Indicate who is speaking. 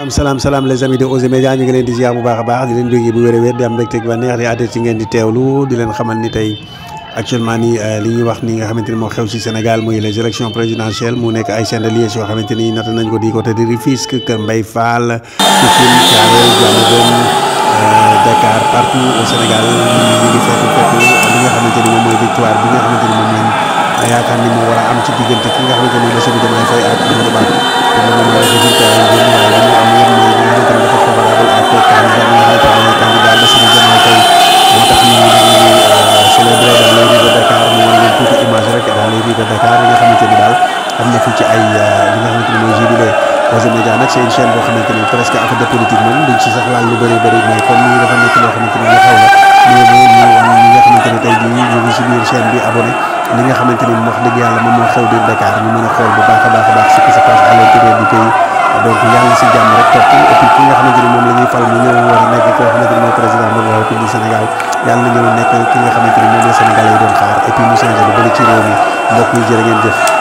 Speaker 1: am salaam salaam les amis de Oser Média ñu leen di ziar bu baax a baax di leen jógee bu wér a wér di am mbégte ba neex di àdde ci ngeen di teewlu di leen xamal ni tey actuellement ni euh, li ñuy wax ni nga xamante ni moo xew si Sénégal muy les élections présidentielles mu nekk ay chaînes de liège yoo xamante ni natt nañ ko di côté de Rufisque Kër Mbaye Fall Pikine Thiaroye Diamaguène euh, Dakar partout au Sénégal ñu nga xamante ni moom mooy victoire bi nga xamante ni moom a yaakaar ni mu war a am ci diggante ki nga xamante ni Bassirou Diomaye Faye ak Amadou Ba te moom mooy résultat yi ngeen waaye li mu am yéen mooy li nga xamante ni dafa favorable ak candidat bi nga xamante ni candidat Bassirou Diomaye Faye moo tax ñu ngi euh, célébré dans les rues de Dakar mu war leen tuuti image rek dans les rues de Dakar yi nga xamante ni daal am na fi ci ay euh, li nga xamante ni mooy jubilé Oser Média nag c'est une chaîne boo xamante ni presque affaire de politique moom duñ ci sax laal lu bëri bëri mais comme ni dafa nekk loo xamante ni lu xew la ki nga xamante ni moom la fal mu ñëw war nekk ki xamante ni na ñëw nekk moom la Sénégalais yi doon xaar et mu changé lu ci réew mi mbokk yi jërë ngeen jëf